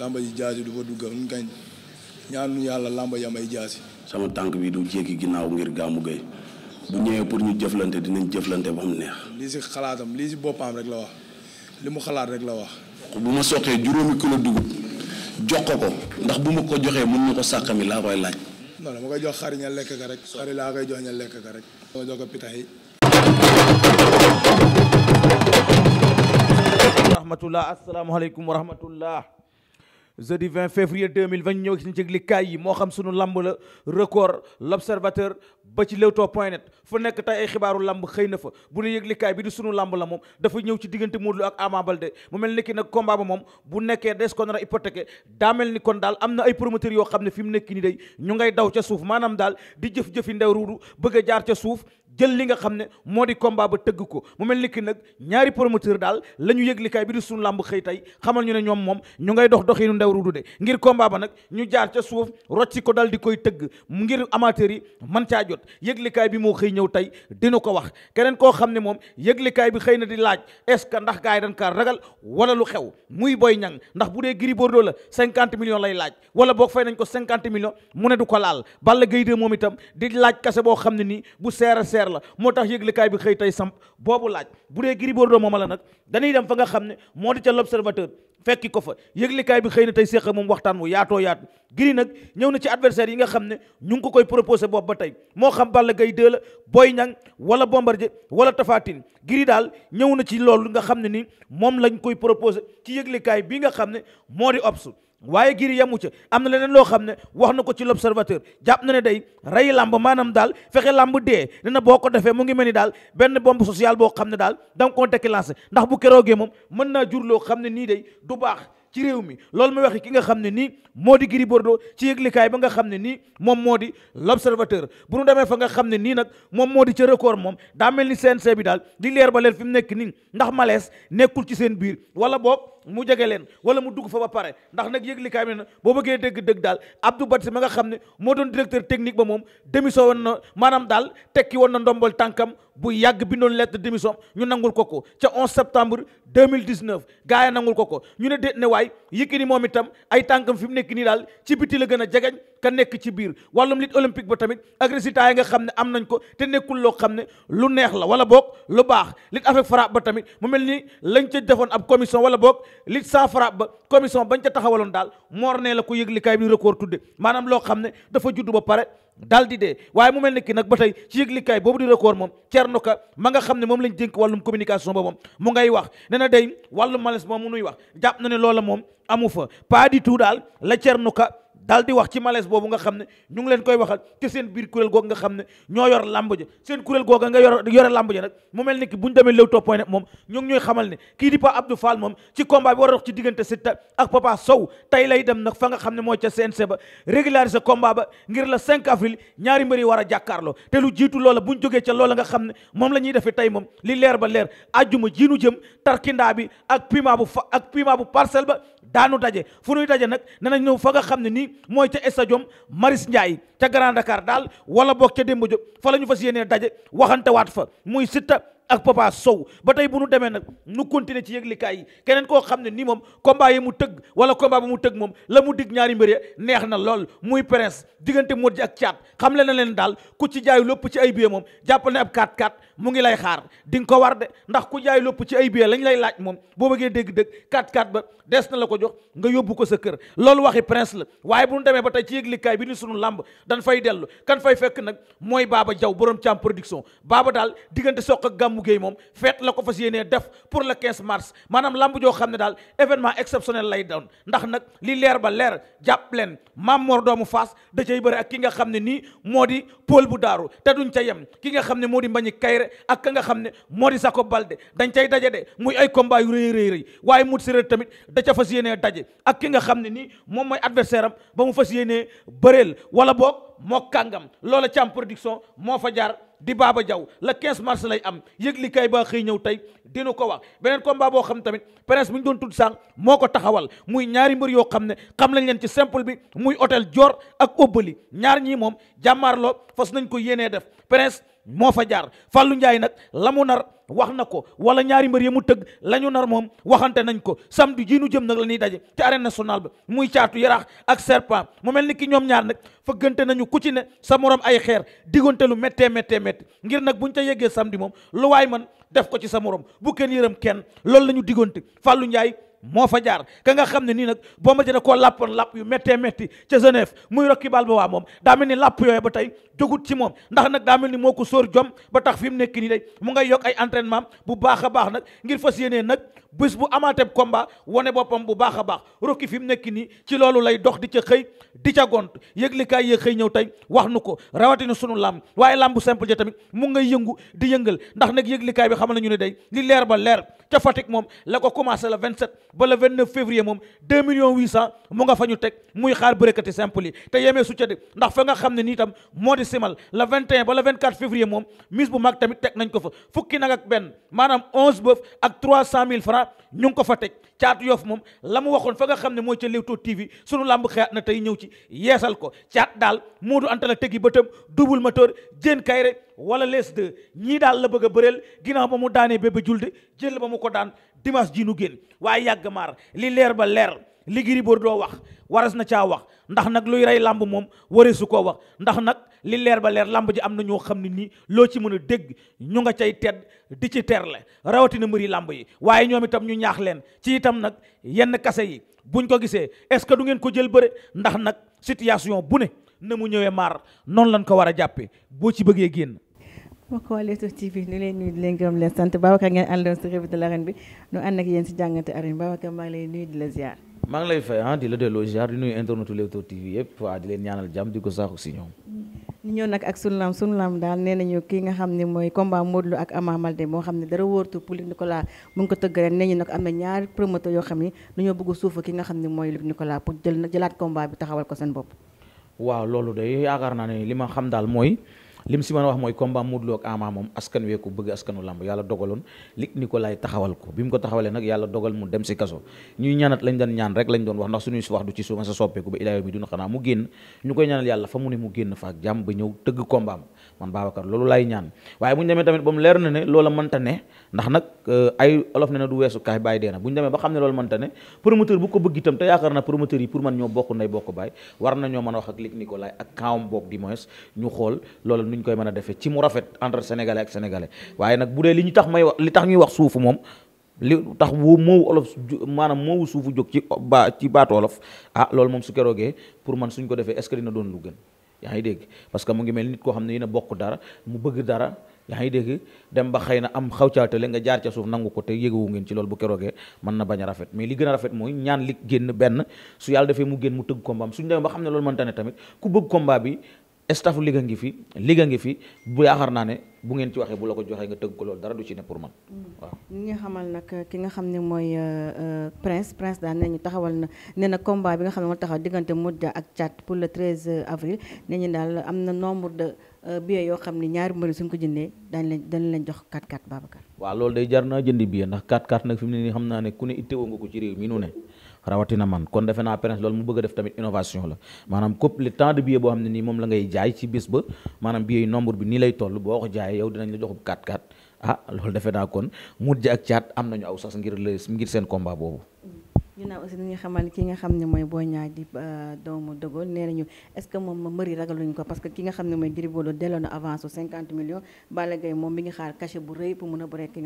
lamba ji jaasi du fa dugga ñun kañ ñaanu yàlla lamba yi ay jaasi. sama tànk bi du jéggi ginnaaw ngir Gamou Gueye bu ñëwee pour ñu jëflante dinañ jëflante ba mu neex. lii si xalaatam lii si boppam rek la wax li mu xalaat rek la wax. bu ma soqee juróomi kilo dugub jox ko ko ndax bu ma ko joxee mën na ko sàkkami laa koy laaj. non dama koy jox xari ña lekk ka rek. xari laa koy jox ña lekk ka rek. dama jox ko pitax yi. rahmatullah asalaamaaleykum wa jeudi 20 février 2020 ñëw ci yëglikaay yi moo xam sunu lamb la record l'observateur ba ci leewtoo point net fu nekk tey ay xibaaru lamb xëy na fa bu ne yëglikaay bi di sunu lamb la moom dafa ñëw ci diggante Modou Lô ak Ama Baldé mu mel ni ki nag combat ba moom bu nekkee des kon nar a hypothéqué daa mel ni kon daal am na ay promoteurs yoo xam ne fi mu nekk ni day ñu ngay daw ca suuf maanaam daal di jëf-jëfi ndew ruudu bëgg jaar ca suuf jël li nga xam ne moo di combat ba tëgg ko mu mel ni ki nag ñaari promoteur daal la ñu yëglikaay bi di suñu làmb xëy tey xamal ñu ne ñoom moom ñu ngay dox doxinu ndew ruudu de ngir combat ba nag ñu jaar ca suuf rocci ko dal di koy tëgg ngir amateur yi man caa jot yëglikaay bi moo xëy ñëw tey dina ko wax keneen koo xam ne moom yëglikaay bi xëy na di laaj est-ce que ndax gars yi dañ kaa ragal wala lu xew muy boy ñang ndax bu dee Gris Bordeaux la cinquante millions lay laaj wala boog fay nañ ko cinquante millions mu ne du ko laal Balla Gaye de moom itam di laaj kase boo xam ne nii bu seer a leer la moo tax yëglikaay bi xëy tey samp boobu laaj bu dee Gris Bordeaux ma la nag dañuy dem fa nga xam ne moo di ca l'observateur fekki ko fa yëglikaay bi xëy na tey séq moom waxtaan wu yaatoo yaatu Gris nag ñëw na ci adversaire yi nga xam ne ñu ngi ko koy proposé boobu ba tey moo xam Balla gay 2 la Boy Niang wala Bombardier wala tafaatin Tine daal ñëw na ci loolu nga xam ne ni moom lañ koy proposé ci yëglikaay bi nga xam ne moo di obs waaye giri yamu ca am na leneen loo xam ne wax na ko ci l'observateur jàpp na ne day rey làmb maanaam daal fexe lamb dee ne na boo ko defee mu ngi mel ni daal benn bombe social boo xam ne daal da nga koo tekki ndax bu keroogee moom mën naa jur loo xam ne nii day du baax ci réew mi loolu muy waxi ki nga xam ne nii moo di Gris Bordeaux ba nga xam ne nii moom moo di l'observateur bu nu demee fa nga xam ne nii nag moom moo di ca record moom daa mel ni CNG bi daal di leer ba leen fi mu nekk nii ndax malaise nekkul ci seen wala boog mu jege leen wala mu dugg fa ba pare ndax nag yëglikaay bi ne boo bëggee dégg dëgg daal Abdou Badji ma nga xam ne moo doon directeur technique ba moom démission woon na maanaam daal tekki woon na ndombal tànkam bu yàgg bi lettre de démission ñu nangul ko ko ca 11 septembre 2019 gars yi nangul ko ko ñu ne déet ne waay Yékini moom itam ay tànkam fi mu nekk nii daal ci biti la gën a jegeñ ka nekk ci biir wàllum lutte olympique ba tamit ak résultat nga xam ne am nañ ko te nekkul loo xam ne lu neex la wala boog lu baax lutte avec frappe ba tamit mu mel ni lañ ca defoon ab commission wala boog lutte sans frappe ba commission bañ ca taxawaloon daal moor nee la ko yëglikaay bi record tudde maanaam loo xam ne dafa juddu ba pare daal di dee waaye mu mel ni ki nag ba tey ci yëglikaay boobu di record moom Thierno Ka ma nga xam ne moom lañ dénk wàllum communication ba mu ngay wax ne na day wàllum malaise moom mu nuy wax jàpp na ne loola moom amu fa pas du daal daal di wax ci malaise boobu nga xam ne ñu ngi leen koy waxal te seen biir kuréel googu nga xam ne ñoo yor làmb ja seen kuréel googu nga yor yore làmb ja nag mu mel ni ki bu ñu demee Leewtoo point net moom ñu ngi xamal ne kii di Pa Abdou Fall moom ci combat war a dox ci diggante Siteu ak Papa Sow tey lay dem nag fa nga xam ne mooy ca CNG ba régulariser combat ba ngir la 5 avril ñaari mbër yi war a jàkkaarlo te lu jiitu loola bu ñu jógee ca loola nga xam ne moom la ñuy defee tey moom li leer ba leer ajjuma jiinu jëm tarkindaa bi ak piment bu ak piment bu parcelle ba daanu daje fu ñuy daje nag danañ ñëw fa nga xam ne nii mooy ca stadium Maris Ndiaye ca Grand Dakar daal wala boog ca Demba Diop fa la ñu fas yeneen daje waxante waat fa muy Siteu ak Papa Sow ba tey bu nu demee nag nu continuer ci yëglikaay yi keneen koo xam ne nii moom combat mu tëgg wala combat bu mu tëgg moom la mu dig ñaari mbër ya neex na lool muy prince diggante Modou Dia ak caat xam le na leen daal ku ci jaayu lopp ci ay billets moom jàppal ne ab 4 mu ngi lay xaar di nga ko war de ndax ku jaay lopp ci ay biir lañ lay laaj moom boo bëggee dégg-dëgg 4-4 ba des na la ko jox nga yóbbu ko sa kër loolu waxi prince la waaye bu ñu demee ba tey ci yëglikaay bi nu sunu làmb dañ fay dellu kan fay fekk nag mooy baaba Jaw borom Thiam production baaba daal diggante soq ak gàmmu géey moom feet la ko fas yéenee def pour le 15 mars maanaam làmb joo xam ne daal événement exceptionnel lay doon ndax nag li leer ba leer jàpp leen maam Mor doomu Faas da cay bëri ak ki nga xam ne nii moo di Paul bu daaru te ca yem ki nga xam ne moo di Mbañi Kayre ak ka nga xam ne moo di Jacob Baldé dañ cay daje de muy ay combat yu rëy rëy waaye Mut Séréer tamit da ca fas yéenee daje ak ki nga xam ne nii moom mooy adversaire am ba mu fas yéenee bëreel wala boog moo kàngam loola càmm production moo fa jaar di Baba jaw la 15 mars lay am yëgli kay ba xëy ñëw tey dina ko wax beneen combat boo xam ne tamit prince bi doon tudd sànq moo ko taxawal muy ñaari mbër yoo xam ne xam nañ leen ci simple bi muy hôtel Dior ak Obali ñaar ñii moom jàmmaarloo fas nañ ko yéenee def moo fa jaar Fallou Ndiaye nag la nar wax na ko wala ñaari mbër yi mu tëgg la ñu nar moom waxante nañ ko samedi jii nu jëm nag la ñuy daje ci arène nationale ba muy caatu yaraax ak serpent mu mel ni ki ñoom ñaar nag fëggante nañu ku ci ne sa morom ay xeer diggante lu méttee méttee ngir nag buñ ca yeggee samedi moom lu waay man def ko ci sa moroom bu kenn yërëm kenn loolu la ñu diggante Fallou Ndiaye moo fa jaar ka nga xam ne nii nag boo Bombardier da koo làppoon làpp yu méttee métti ca Genève muy Rocky Balboa moom daa mel ni làpp yooyu ba tey jogut ci moom ndax nag daa mel ni moo ko soor jom ba tax fi mu nekk nii day mu ngay yokk ay entraînement bu baax a baax nag ngir fas yéenee nag bés bu amaateb combat wane boppam bu baax a baax Rocky fi mu nekk nii ci loolu lay dox di ca xëy di ca gont yëglikaay yee xëy ñëw tey wax nu ko rawatina sunu làmb waaye làmb bu simple tamit mu ngay yëngu di yëngal ndax nag yëglikaay bi xam nañu ne day li leer ba leer ca moom la ko commencé le 27 ba vingt 29 février moom 2 millions 800 mu nga fa ñu teg muy xaar bëreekati simple yi te yemee su ca de ndax fa nga xam ne nii tam moo di simal vingt 21 ba le 24 février moom mise bu mag tamit teg nañ ko fa fukki nag ak benn maanaam 11 bëf ak 300 000 francs ñu ngi ko fa teg caat yof moom la mu waxoon fa nga xam ne mooy ca Leewtoo TV sunu làmb xeyaat na tey ñëw ci yeesal ko caat daal Modou Anta la tegi bëtam double moteur jën kayre wala lees de ñii daal la bëgg a bëreel ginaaw ba mu daanee bébé julde jël ba mu ko daan dimanche ji nu génn waaye yàgg maar li leer ba leer li Gris doo wax waras na caa wax ndax nag luy rey làmb moom waree su koo wax ndax nag li leer ba leer làmb ji am na ñoo xam ne nii loo ci mën a dégg ñu nga cay tedd di ci terle rawatina mbëri làmb yi waaye ñoom itam ñu ñaax leen ci itam nag yenn kase yi buñ ko gisee est-ce que du ngeen ko jël bëre ndax nag situation bu ne na mu ñëwee maar noonu lañ ko war a jàppee boo ci bëggee génn mbokk waa Leewtoo TV ñu leen nuyu di leen gërëm leen sant Babacar ngeen àndoon si revue de l'arène bi ñu ànd ak yéen si jàngante arène Babacar maa ngi lay nuyu di la ziar maa ngi ah, ko saaku kii nga xam ne mooy combat Modou ak Ama Baldé moo xam ne dara wóortu Luc Nicolaï mu ngi ko tëgg ren nee ñu nag am na ñaari promoteur yoo xam ne dañoo bëgg suufa ki nga xam ne mooy Luc Nicolaï pour jël jëlaat combat bi taxawal ko seen bopp waaw loolu day yaakaar naa ne li ma xam daal mooy lim si mën a wax mooy combat Modou Lo ak Ama moom askan wee bëgg askanu làmb yàlla dogaloon lig Nicolas taxawal ko bi mu ko taxawalee nag yàlla dogal mu dem si kaso ñuy ñaanat lañ doon ñaan rek lañ doon wax ndax suñuy wax du ci suuma sa soppeeku ba ilaayo mi duna xanaa mu génn ñu koy ñaanal yàlla fa mu ne mu génn faak jàmm ba ñëw tëgg combat man Babacar loolu laay ñaan waaye bu ñu demee tamit ba mu leer na ne loola mënta ne ndax nag euh, ay olof ñu koy mën a defee ci mu rafet entre sénégalais ak sénégalais waaye nag bu dee li ñu tax may wax li tax ñuy wax suufu moom li tax woo maanaam moowu suufu jóg ci ba ci baatu olof ah loolu moom su keroogee pour man suñ ko defee est-ce que dina doon lu gën yaa ngi dégg parce que mu ngi mel nit koo xam ne yéen bokk dara mu bëgg dara yaa ngi dégg dem ba xëy na am xaw xawcaatale nga jaar ca suuf nangu ko te yégewu ngeen ci loolu bu keroogee mën na bañ a rafet mais li gën a rafet mooy ñaan li génn benn su yàlla defee mu génn mu tëgg combat am suñu demee ba xam ne loolu mënta ne tamit ku bëgg combat bi staffu liga ngi fi liga ngi fi bu yaakaar naa ne bu ngeen ci waxee bu la ko joxee nga tëgg ko loolu dara du ci ne pour man mm. waaw nga xamal nag ki nga xam ne mooy euh, euh, prince prince daal ne ñu taxawal na ne na combat bi nga xam ne moo taxaw diggante Modja ak Thiat pour le 13 euh, avril ne ñu daal am na nombre de billets yoo xam ne ñaari mbëri suñ ko jëndee dañ leen dañ leen jox 4 4 Babacar waaw loolu day jar naa jëndi billet ndax 4 4 nag fi ne nii xam naa ne ku ne ittewoo ko ci rawatina man kon defe naa Prince loolu mu bëgg a def tamit innovation la maanaam képp le temps de billet boo xam ne nii moom la ngay jaay ci bis ba maanaam billet nombre bi nii lay toll boo ko jaayee yow dinañ la joxub 4-4 ah loolu defe naa kon Modou ak Thiat am nañu aw sas ngir ngir seen combat boobu. ginnaaw aussi dañuy xamal ki nga ne mooy Boy Niang di euh, doomu Dogol nee nañu est nga xam ne mooy Gris delloo na avance su 50 millions Balla moom mi ngi xaar cachet bu rëy pour mën a bëre ki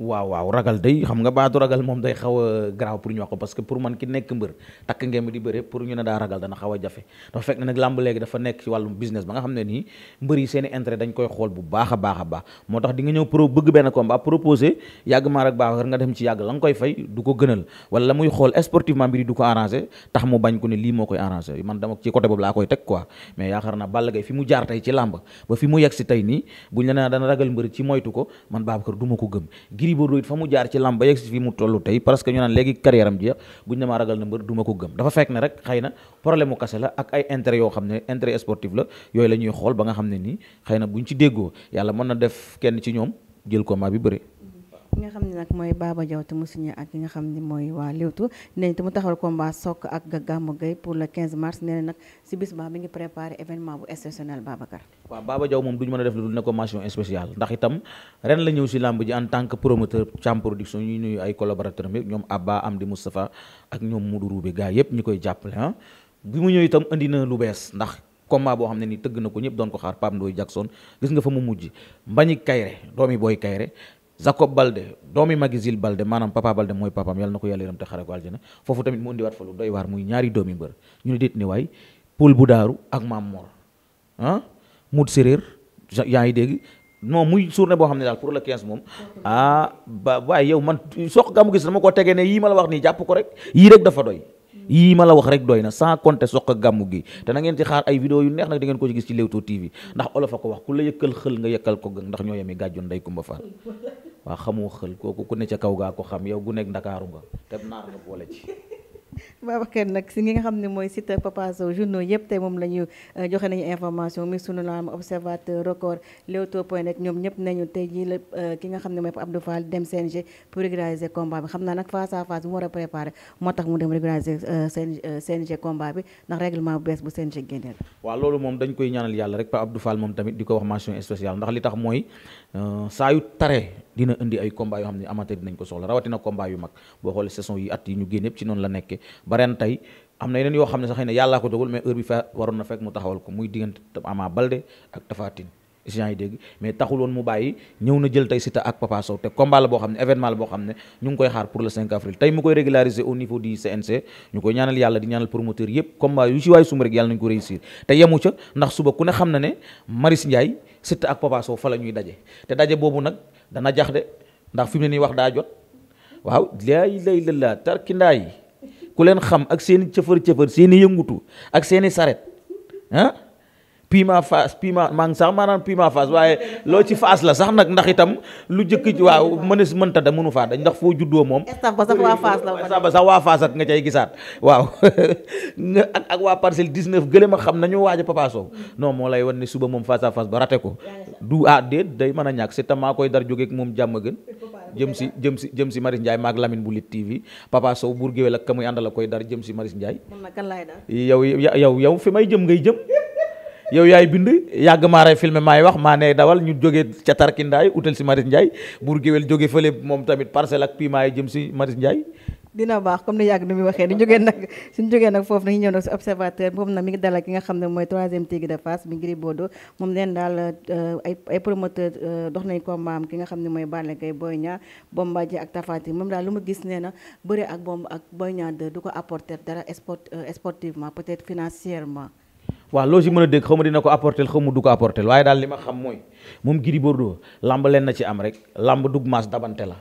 waaw waaw ragal day xam nga baatu ragal moom day xaw a pour ñu wax ko parce que pour man ki nekk mbër takk ngeen di bëre pour ñu ne daa ragal dana xaw a jafe dafa fekk ne nag làmb léegi dafa nekk ci ba nga xam ne nii mbër yi seen i intérêt dañ koy bu baax a baax a baax moo tax di nga ñëw bëgg benn combat proposé yàgg maar ak baax nga dem ci yàgg la koy fay du ko gënal wala la muy xool sportivement mbir yi du ko arrangé tax mu bañ ko ne lii moo koy arrangé man dama ci côté boobu laa koy teg quoi mais yaakaar Gris Bordeaux it fa mu jaar ci lamb ba yegg si fii mu toll tey parce que ñu naan léegi carrière am jeex buñ ne maa ragal na mbër du ma ko gëm dafa fekk ne rek xëy na problème mu kase la ak ay intérêt yoo xam ne intérêt sportif la yooyu la ñuy xool ba nga xam ne nii xëy na ñu ci déggoo yàlla mën na def kenn ci ñoom jël ko combat bi bëri ki nga xam ne nag mooy baaba Diaw te mu signé ak ki nga xam ni mooy waa Leewtoo nee te mu taxawal combat Sokh ak Gamou Gueye pour le 15 mars nee na nag si bis ba mi ngi préparé événement bu exceptionnel Babacar waaw Baba Diaw moom du ñu mën a def lu dul ne ko mention ndax itam ren la ñëw si làmb ji en tant que promoteur Thiam production ñuy nuyu ay collaborateur mi ñoom Abba Amdi Moustapha ak ñoom Modou Roubé gars yépp ñu koy jàppale ah bi mu ñëw itam indi na lu bees ndax combat boo xam ne ni tëgg na ko ñëpp doon ko xaar Pape Ndoye Jackson gis nga fa mu mujj Mbagnick Kaïré doomi Boy Kaïré Jacob Balde doomi Maguizil Balde maanaam papa Balde mooy papaam yàlla na ko yàlla yërëm te xare ko aljana foofu tamit mu indiwaat fa lu doy waar muy ñaari doomi mbër ñu ne déet ne waay ah, yaa ngi dégg non muy journée boo xam ne daal pour le 15 moom ah ba waaye yow man soq gàmmu gis dama koo tegee ne yii ma la wax nii jàpp ko rek yii rek dafa doy yii ma la wax rek doy na sans compter soq gi te na ngeen ci xaar ay yu neex nag da ngeen ko ci gis ci Leewtoo TV ndax olof a ko wax ku la yëkkal xël nga yëkkal ko gën ndax ñoo yemi gàjjoon nday Kumba Faal waa xamoo xël kooku ku ne ca kaw gaa ko xam yow gu nekk ndakaaru nga te naar nga boole ci Babacar nag si nga xam ne mooy site Papa Sow journaux yëpp tey moom la ñu euh, joxe nañu information mi sunu laam observateur record Leewtoo point ñoom ñëpp nañu tey jii la euh, ki nga xam ne mooy Abdou Fall dem CNG pour régulariser bi xam naa nag face à face mu war a préparer moo tax mu dem régulariser euh, CNG combat bi ndax règlement bu bees bu CNG génneel waaw loolu moom dañ koy ñaanal yàlla rek Pa moom tamit di ko wax mention spéciale li tax mooy saa yu dina indi ay combat yoo xam ne amateur dinañ ko soxla rawatina combat yu mag boo xoolee saison yi at yi ñu génn yëpp ci noonu la nekkee ba ren tey am na yeneen yoo xam ne sax xëy na yàllaa ko dogal mais heure bi fa waroon na fekk mu taxawal ko muy diggante Ama Baldé ak Tapha Tine gens yi dégg mais taxul woon mu bàyyi ñëw na jël tey Siteu ak Papa Sow te combat la boo xam ne événement la boo xam ne ñu ngi koy xaar pour le 5 avril tey mu koy régulariser au niveau CNC ñu koy ñaanal yàlla di ñaanal promoteur yëpp combat yu ci waay sum rek yàlla nañu ko réussir te yemu ca ndax suba ku ne xam na ne Maris Ndiaye Siteu ak Papa Sow fa la daje te daje boobu nag dana jax de ndax fi ne nii wax daa jot waaw lay lay la la tarkindaay piment face piment maa ngi sax maanaam piment face waaye loo ci face la sax nag ndax itam lu jëkk waaw mënees da mënu faa dañ ndax foo juddoo moom. instant ba sax waa face la instant ba sax waa face ak nga cay gisaat waaw ak waa parcelle 19 gële ma xam nañu waaj a Papa Sow non moo lay wan ne suba moom face à ba rate ko du ah déet day mën a ñàkk c'est maa koy dar jógeeg moom jàmm gën jëm si jëm si jëm si Maris Ndiaye maag Lamine bu Lutte TV Papa Sow buur géwél ak ka muy àndal la koy dar jëm si Maris yow yaay bind yàgg maa rey maay wax maa ne dawal ñu jógee ca Tarkindaay utal si Maris Ndiaye buur géwel jóge fële moom tamit parcelle ak piment yi jëm si Maris Ndiaye dina baax comme ni yàgg ni muy waxee ni jógee nag suñu jógee nag foofu nañu ñëw nag si observateur boobu nag mi ngi dalal ki nga xam ne mooy troisième tigre de Fass mi Gris Bordeaux moom leen euh, euh, dox nañ ko maam ki nga xam ne mooy Balla Gaye Boy Niang Bombardier ak Tapha Tine moom daal lu ma gis nee na bëre ak bomb ak Boy Niang 2 du ko apporter dara sport euh, sportivement peut-être financièrement waaw loo si mën a dégg xaw ma dina ko apporter xaw ma du ko apporter waaye daal li ma xam mooy moom Gris Bordeaux lamb leen na ci am rek lamb dug maas dabante la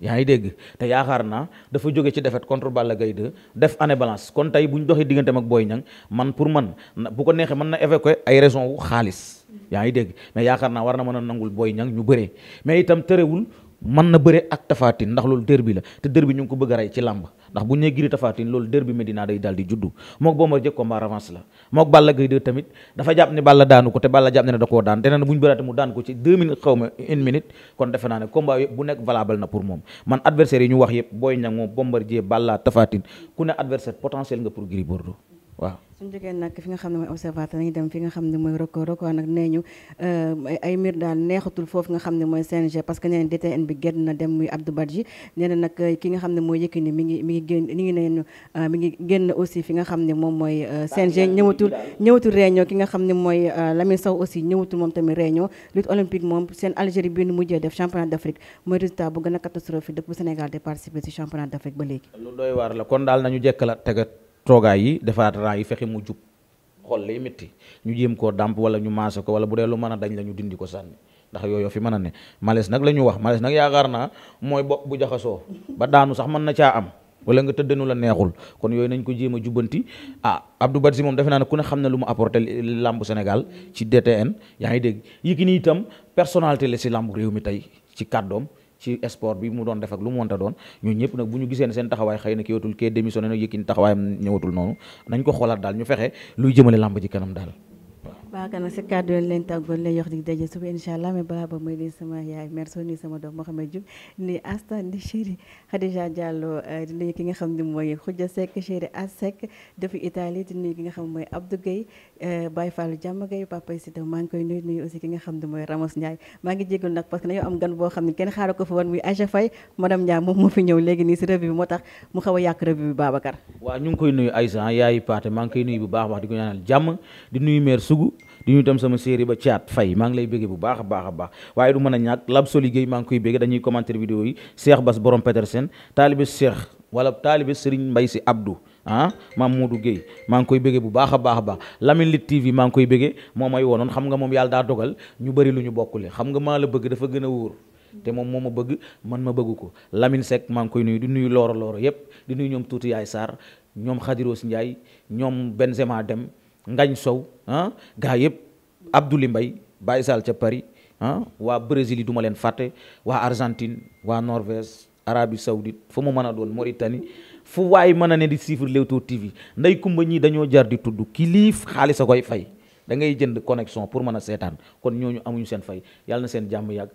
yaa ngi dégg te yaakaar naa dafa jóge ci défaite contre Balla Gaye 2 def année balance kon tey bu ñu doxee digganteem ak booy Niang man pour man bu ko neexee mën na évoquer ay raison wu xaalis yaa ngi dégg mais yaakaar naa war na mën a nangul booy Niang ñu bëree mais itam tërewul mën na bëre ak Tapha Tine ndax loolu dër bi la te dër bi ñu ngi ko bëgg a ci làmb ndax bu ñu nee Gris Tapha Tine loolu derby Medina day daal di juddu mook Bombardier combat revanche la mook Balla Gaye 2 tamit dafa jàpp ne Balla daanu ko te Balla jàpp ne ne daan te nee na bu ñu bëraate mu daan ko ci deux minutes xaw ma une minute kon defe naa ne combat yëpp bu nekk valable na pour moom man adversaire yi ñu wax yëpp booy Niang moom Bombardier Balla Tapha Tine ku ne adversaire potentiel nga pour Gris Bordeaux waaw suñu jógee nag fi nga xam ne mooy observatoire nañu dem fi nga xam ne mooy record record nag nee ñu euh, ay mbir daal neexatul foofu nga xam ne mooy CNG parce que nee na bi génn na dem muy Abdou Badji nee na nag ki nga xam ne mooy Yékini mi ngi mi ngi génn mi ngi neen euh, mi ngi génn aussi fi nga xam ne moom mooy euh, CNG ñëwatul ñëwatul réunion ki nga xam ne mooy Lamine Sow aussi ñëwatul moom tamit réunion lutte olympique moom seen Algérie bi nu mujjee def championnat d'Afrique mooy résultat bu gën a catastrophique dëkk bu Sénégal de participer ci championnat d'Afrique la kon daal toogaay yi defaat yi fexe mu jub xol lay métti ñu jéem koo dàmp wala ñu maase ko wala bu dee lu mën a dañ la ñu dindi ko sànni ndax yooyo fi mën a ne malaise nag la ñu wax malaise nag yaakaar naa mooy bopp bu jaxasoo ba daanu sax mën na caa am wala nga tëddanu la neexul kon yooyu nañ ko jéem a jubbanti ah Abdou Badji moom defe naa ne ku ne xam ne lu mu apporté làmb senegal ci DTN yaa ngi dégg Yékini itam personnalité le si làmb réew mi tey ci kàddoom ci sport bi mu doon def ak lu mu wonta doon ñun ñëpp nag bu ñu gisee ne seen taxawaay xëy na ki watul kee démissionné nag yëkkiñ taxawaayam ñëwatul noonu nañ ko xoolaat daal ñu fexe luy jëmale làmb ji kanam daal baax na si kàddu yoon leen tàggoon lay yox di daje suba parce que dañoo am gan boo xam ne kenn xaaru ko fa woon muy Aja Faye madame Ndiaye moom moo fi ñëw léegi nii si revue bi moo tax a yàq revue bi Babacar waaw ñu ngi koy nuyu Aïssa yaay Paate maa ngi koy nuyu bu baax wax di ko ñaanal jàmm di nuyu mère Sougou di ñu tam sama série ba caat fay maa ngi lay bégge bu baax a baax a baax waaye du mën a ñàkk lab soli géey maa ngi koy bégge dañuy commenter vidéo yi Cheikh Bass borom Petersen taalibe Cheikh wala taalibe Serigne Mbay si Abdou ah maam Modou Guèye maa ngi koy bëggee bu baax a baax a baax Lamine Lit TV maa ngi koy bëggee moo may wonoon xam nga moom yàlla daa dogal ñu bëri lu ñu bokkule xam nga maa la bëgg dafa gën a wóor te moom moo ma bëgg man ma bëgg ko Lamine Seck maa ngi koy nuyu di nuyu Looro Looro yépp di nuyu ñoom tuuti Yaay Sarr ñoom Khadiros Ndiaye ñoom Benzema Dem Ngañ Sow ah gaa yëpp Abdoulaye mbay Baye Sall ca Paris ah waa Brésil yi duma leen fàtte waa Argentine waa Norvège Arabie Saoudite fu mu mën a doon Mauritanie fu waay mën a ne di suivre Leewtoo TV nday kumba ñii dañoo jar di tudd kiliif xaalis a koy fay da ngay jënd connexion pour mën a seetaan kon ñooñu amuñu seen fay yàlla na seen jàmm yàgg